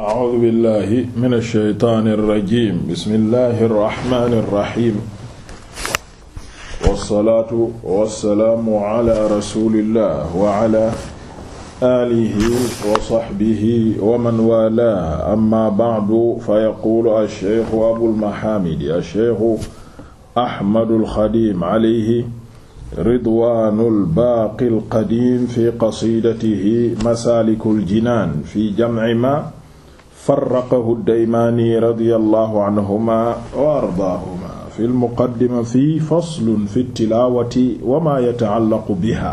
أعوذ بالله من الشيطان الرجيم بسم الله الرحمن الرحيم والصلاة والسلام على رسول الله وعلى آله وصحبه ومن والاه أما بعد فيقول الشيخ أبو المحامد الشيخ أحمد الخديم عليه ridwanu albaaqi alqadim fi qasiidatihi masaaliku aljinaan fi jamci ma farraqahu daymaani radiyallahu anhuma wa ardaahuma fi lmuqaddima fi faslun fi tilaawati wa ma yataallaqu biha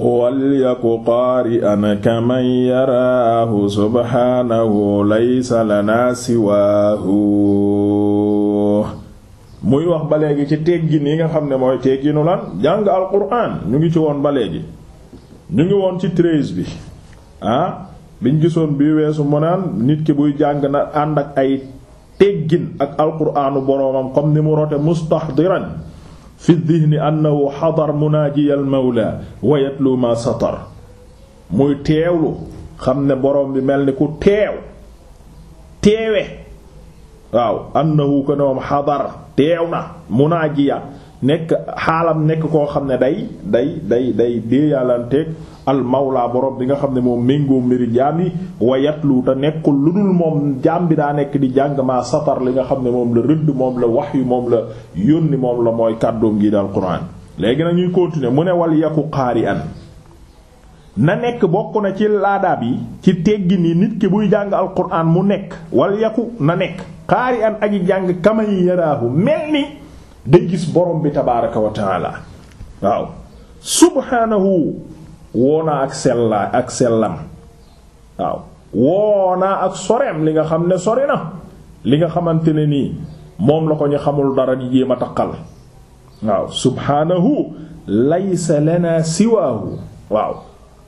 walyaku qaari'an kaman yaraahu subhaanahu laysa lanaa siwaahu muy wax ba ci teggin yi nga xam ne mooy tegginu lan jàng alquraan ñu ngi ci woon ba léegi ñu ngi woon ci treize bi ah? biñ gisoon bii weesu mu naan nit ki buy jàng na ànd ak ay teggin ak alquraanu boroomam comme ni mu rote mustahdiran fi dihni annahu xadar munaajiyal mawla wa yatlu ma satar muy teewlu xam ne borom bi mel ni ku teew teewe waaw annahu ko noom xadar teew na munaajiya nekk xaalam nekk koo xam ne day day day day déeyaalanteeg al mawla borom bi nga xam ne moom méngoo mbiri jaam yi wayatlu te nekkul lu dul moom jaam bi daa nekk di jàng maa satar li nga xam ne moom la rëdd moom la wax yu moom la yónni moom la mooy kàddoom gi daal quran léegi nag ñuy continuer mu ne wal yàqu xaari an na nekk bokk na ci laadaab yi ci teggi yi nit ki buy jàng alquran mu nekk wal yàqu na nekk xaari an aji jàng kama yi yaraahu mel ni day gis borom bi tabaaraka wa taala waaw subhaanahu woonaa ak sellaa ak sellam waaw woonaa ak soreem li nga xam ne sori na li nga xamante ne nii moom la ko ñu xamul dara di jéem a taqal waaw subhaanahu laysa lana siwaahu waaw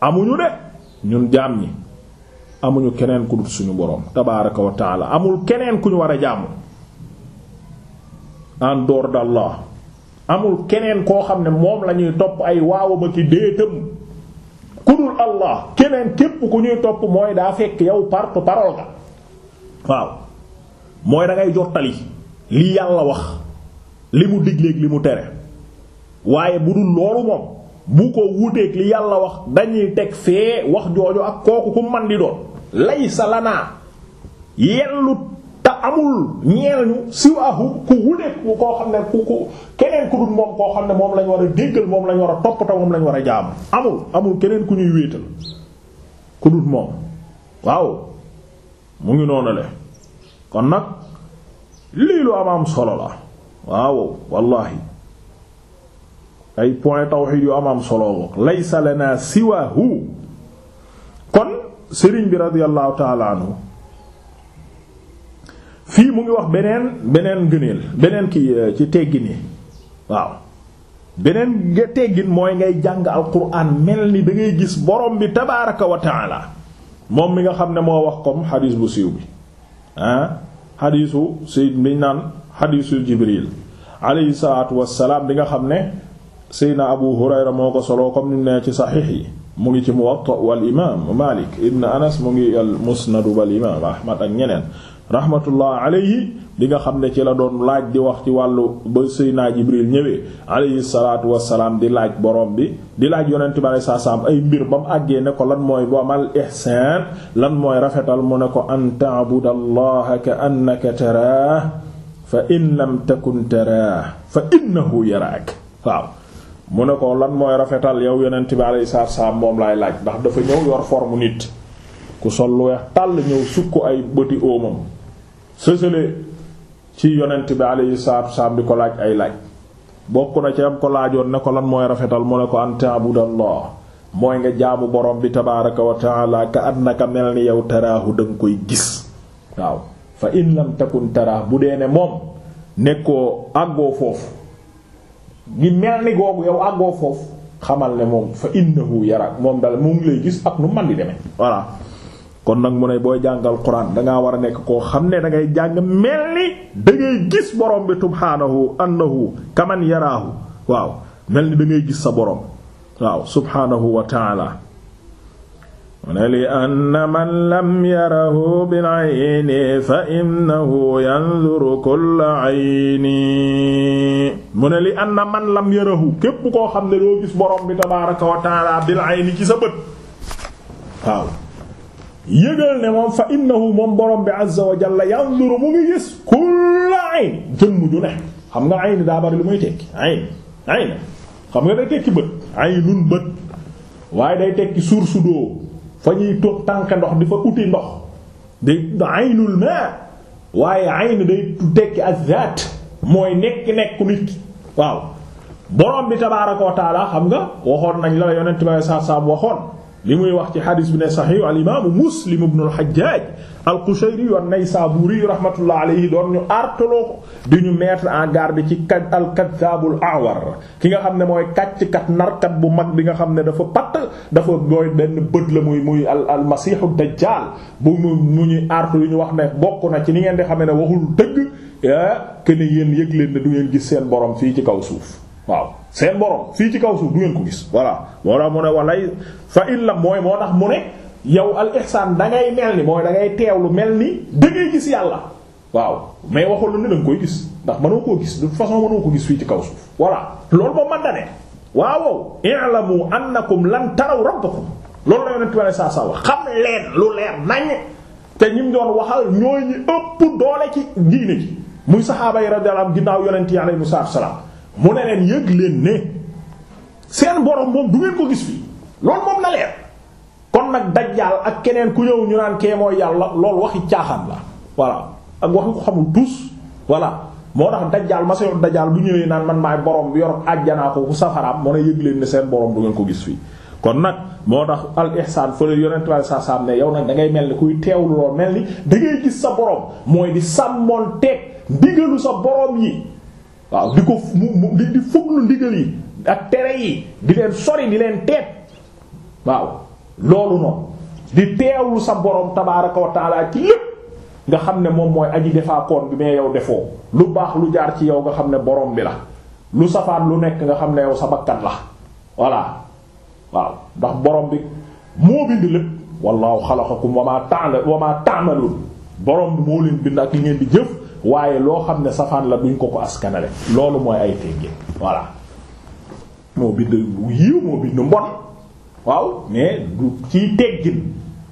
amuñu de ñun jaam ñi amuñu keneen ku dul suñu borom tabaaraka wa amul keneen ku ñu war a jàmm en dehors d'Allah amul keneen koo xam ne moom lañuy topp ay waawama ki déetam ku dul Allah keneen képp ku ñuy topp mooy daa fekk yow porte parole ga waaw mooy da ngay jottali li yàlla wax li mu digleeg li mu tere waaye bu dul loolu moom bu ko wuteeg li yàlla wax dañuy teg fee wax jooju ak kooku ku man di doon lay sa lanaa yellut amul ñeel ñu siwaahu ku wuleeku koo xam ne ku ku keneen ku moom koo xam ne moom lañu war a déggal moom lañu war a toppatoo moom lañ war a jaam amul amul keneen ku ñuy wéetal ku moom waaw mu ngi noonu le kon nag lii lu am am solo la waaw wallahi ay point tawxiid yu am am solo wook laysa lana siwaahu kon sëriñ bi radiyallahu ta'ala anhu fii mu ngi wax beneen beneen gëneel beneen ki euh, ci teggin waaw beneen nga teggin mooy ngay jàng alquran mel ni da ngay gis boroom bi tabaaraka wa taala moom mi nga xam ne moo wax comme xadiis bu siiw bi ah xadiisu sayd biñ naan xadiisu jibril alayhi salaatu wassalaam bi nga xam ne seydna abu hurayra moo ko solo comme ni ne ci saxiix yi mu ngi ci muwatta wal imaam malik ibn anas mu ngi al musnadu wal imaam ak ñeneen rahmatullah alayhi bi nga xam ne ci la doon laaj di wax ci wàllu ba Seydina Jibril ñëwee alayhi salaatu wassalaam di laaj borom bi di laaj yonent bi alayhi salaam ay mbir ba mu àggee ne ko lan mooy bu amal ihsaan lan mooy rafetal mu ne ko an ta'budallaha ka annaka taraah fa in lam takun taraah fa innahu yaraak waaw mu ne ko lan mooy rafetal yow yonent bi alayhi saa moom laay laaj ndax dafa ñëw yor forme nit ku sol lu weex tàll ñëw sukk ay bëti óomam sësale ci yonent bi alayhi salaatu wassalaam di ko laaj ay laaj bokk na ci am ko laajoon ne ko lan mooy rafetal mu ne ko an ta'budallah mooy nga jaamu borom bi tabaaraka wa ta'ala ka annaka mel ni yow taraahu danga koy gis waaw fa in lam takun taraah bu dee ne moom nekkoo àggoo foofu gi mel ni googu yow àggoo foofu xamal ne moom fa innahu yarak moom dal mu ngi lay gis ak nu man di demee kon nag mu ne booy jàngal quran dangaa war a nekk koo xam ne dangay jàng mel ni dangay gis borom bi subhaanahu annahu kaman yaraahu waaw mel ni dangay gis sa borom waaw subhaanahu wa taala ne li anna man lam yarahu bil ayni mu ne li anna man lam yarahu képp koo xam ne doo gis borom bi tabaaraka wa taala bil ayni ci sa bët waaw yëgal ne moom fa innahu moom borom bi azza wa jalla yanzuru mu ngi gis kulla ayn jëmm ju ne xam nga ayn daa bari lu muy tekki ayn ayn xam nga day tekki bët aynun bët waaye day tekki source d'eau fa ñuy toog tànk ndox di fa uti ndox day aynul ma waaye ayn day tekki azzaat mooy nekk nekku nit waaw borom bi tabaaraka wa xam nga waxoon nañ la yonent bi sallallahu alayhi wasallam waxoon li muy wax ci xadis bi ne saxiix al imaamu muslim ibn al xajjaaj al qushayri yu an-naysaburi rahmatullah alayhi doon ñu aartaloo ko di ñu mettre en garde ci kaj al kaddaabul awar ki nga xam ne mooy kàcckat narkat bu mag bi nga xam ne dafa patt dafa mooy benn bët la muy muy al al masiixu dajjaal bu mu mu ñuy aartu yu ñu wax ne bokk na ci li ngeen di xamee ne waxul dëgg ah que ne yéen yëg leen ne du ngeen gis seen borom fii ci kaw suuf waaw. seen borom fii ci kaw suuf du ngeen ko gis voilà moo tax mu ne walay fa in la mooy moo tax mu ne yow al ihsan da ngay mel ni mooy da ngay lu mel ni da ngay gis yàlla waaw mais waxul la ne da koy gis ndax mënoo koo gis de toute façon ko gis fii ci kaw suuf voilà loolu moom man da ne waawow i'lamu annakum lan taraw rabbakum loolu la yonent bi alayhi salaatu wa xam leen lu leer nañ te ñim doon waxal ñooy ñi ëpp doole ci diine ji muy saxaaba yi radiyallahu anhum ginnaaw yonent yi alayhi salaatu wa salaam mu ne leen yëg leen ne seen borom moom du ngeen ko gis fii loolu moom na leer kon nag dajjaal ak keneen ku ñëw ñu naan kee mooy yàlla loolu waxi caaxaan la voilà ak waxi ko xamul tous voilà moo tax dajjaal ma sa yor dajjaal bu ñëwee naan man maay borom yor àjjanaa ko ku safaraam mu ne yëg leen ne seen borom du ngeen ko gis fii kon nag moo tax al ihsaan fële yonent saa saam ne yow nag dangay mel ni kuy teewlu lool mel ni da gis sa borom mooy di sàmmoon teg digalu sa waaw di ko mu di di fuglu ndigal yi ak tere yi di leen sori di leen teet waaw loolu noonu di teewlu sa boroom tabaaraka wa taala ci lépp nga xam ne moom mooy aji defaa koon bi mais yow defoo lu baax lu jaar ci yow nga xam ne boroom bi la lu safaan lu nekk nga xam ne yow sa bakkat la voilà waaw ndax borom bi moo bind lépp wallaahu xalaqakum wa maa ta'maluun wa maa borom bi moo leen bind ak li ngeen di jëf waaye loo xam ne safaan la duñ ko ko askanale loolu mooy ay teggin voilà moo bind yiw moo bind mbon waaw mais du ciy teggin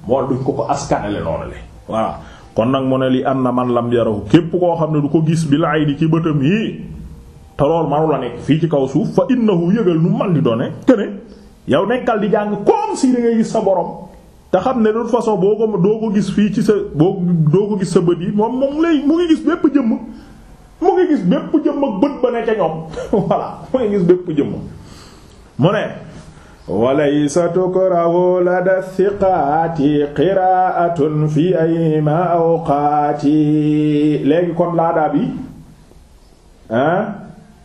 moo duñ ko ko askanale noonu le voilà kon nag mu ne li am na man lam yarahu képp koo xam ne du ko gis bi la di ci bëtam yi te loolu manu la nekk fii ci kaw suuf fa innahu yëgal nu man di doone këne yow nekkal di jàng comme si da gis sa boroom te xam ne de toute façon boo ko doo ko gis fii ci sa boo doo ko gis sa bët yi moom moom lay mu ngi gis bépp jëmm mu ngi gis bépp jëmm ak bët ba ne ñoom voilà mu ngi gis bépp jëmm mu ne walaysa tukrahu lada thiqaati qiraatun fi ay ma awqaati léegi kon laadaa bi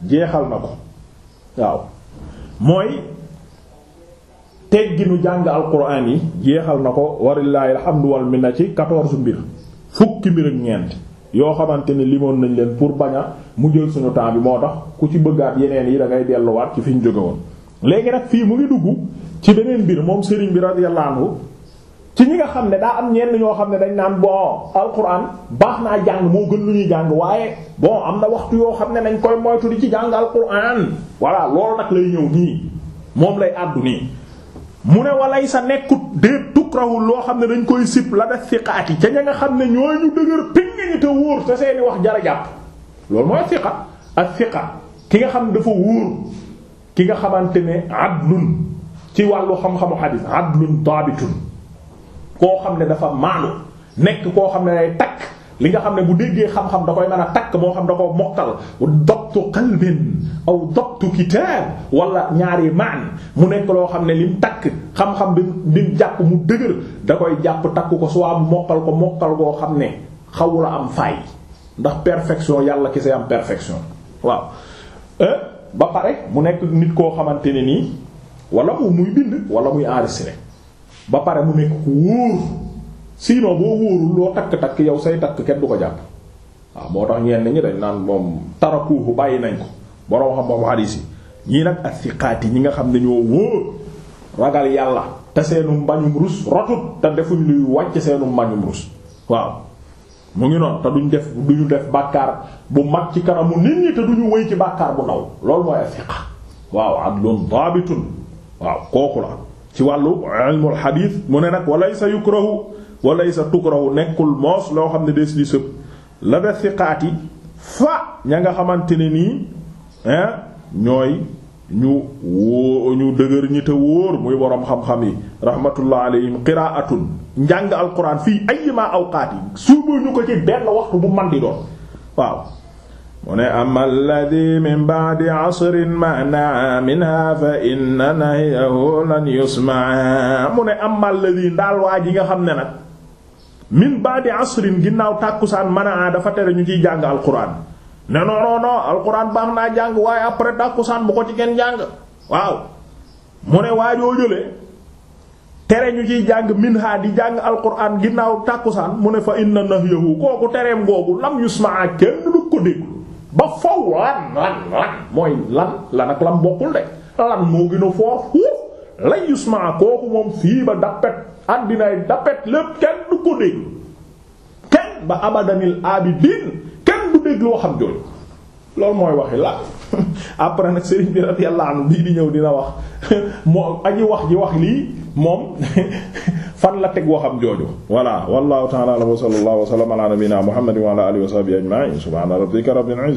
jeexal na ko waaw mooy tegginu jàng alquran yi jeexal na ko walillahi alhamdu wal na ci quatorze mbir fukki mbir ak ñeent yoo xamante ni limoon nañ leen pour bañ a mu jël suñu temps bi moo tax ku ci bëggaat yeneen yi da ngay delluwaat ci fi ñu jóge léegi nag fii mu ngi dugg ci beneen mbir moom sëriñ bi radiyallahu anhu ci ñi nga xam ne daa am ñenn ñoo xam ne dañ naan bon alquran baax naa jàng moo gën lu ñuy jàng waaye bon am na waxtu yoo xam ne nañ koy moytu di ci jàng alquran voilà loolu nag lay ñëw nii moom lay àddu mu ne walay sa nekkut déet tukrahul loo xam ne dañ koy sib la def siqaat yi ca ña nga xam ne ñooy ñu dëgër ping ñi te wóor te seeni wax jara jàpp loolu mooy siqa ak siqa ki nga xam ne dafa wóor ki nga xamante ne adlun ci wàllu xam-xamu xadiis adlun taabitun koo xam ne dafa maanu nekk koo xam ne day takk li nga xam ne bu déggee xam-xam da koy mën a takk moo xam da ko mokkal daqtu qalbin aw tukki kitaab wala ñaari maan mu nekk loo xam ne lim takk xam-xam bi lim jàpp mu dëgër da koy jàpp takk ko su am mokkal ko mokkal goo xam ne xawula am faay ndax perfection yàlla kese am perfection waaw euh, ba pare mu nekk nit koo xamante ne nii walla mu muy bind wala muy enregistré ba pare mu nekk ku wóor sinon boo wóorul loo takk-takk yow say takk kenn du ko jàpp waaw moo tax ñenn ñi dañ naan moom tarakuuhu bàyyi nañ ko borom xam moom hadis yi ñii nag asiqaat yi ñi nga xam ne ñoo wóor ragal yàlla te seenu mbañum rus rotut te defuñ luy wàcc seenu mbañum rus waaw mu ngi noonu te duñ def duñu def bàkkaar bu mag ci kanamu nit ñi te duñu wéy ci bàkkaar bu ndaw loolu mooy asiqa waaw adlun daabitun waaw kooku la ci wàllu ilmul hadith mu ne nag walaysa yukrahu walaysa tukrahu nekkul moos loo xam ne des di sëb la ba siqaat yi ña nga xamante ne nii ñooy ñu wóo ñu dëgër ñi te wóor muy boroom xam-xam yi rahmatullah alayhim qiraatun njàng alquran fii ayyima awqaat yi suuba ñu ko ci benn waxtu bu man doon waaw mu ne ama alladi min ba'di asrin ma'na minha fa inna nahiyahu lan yusmaa mu ne ama alladi ndaal waa ji nga xam ne nag min baadi asrin ginnaaw tàkkusaan manaa dafa tere ñu ciy jàng alquran ne non non non naa jàng waaye après tàkkusaan bu ko ci kenn jàng waaw mu ne waajoo jëlee tere ñu ciy jàng minha di jàng alquran ginnaaw tàkkusaan mu ne fa inna nahyahu kooku tereem googu lam yusmaa kenn du ko déglu ba faw lan lan lan mooy lan lan ak lam bokkul de lan moo gën a foofu lay yusmaa kooku moom fii ba dappet àddinaay dapet lépp kenn du ko dégg kenn ba abadanil abidin kenn du dégg loo xam jooju loolu mooy waxi la après nag sëriñ bi radiyallahu anhu bii di ñëw dina wax moo aji wax ji wax lii moom fan la teg waxam jooju voilà wallahu ta'ala wa sallallahu wa sallama ala nabiyyina muhammadin wa ala alihi wa sahbihi ajma'in subhana rabbika rabbil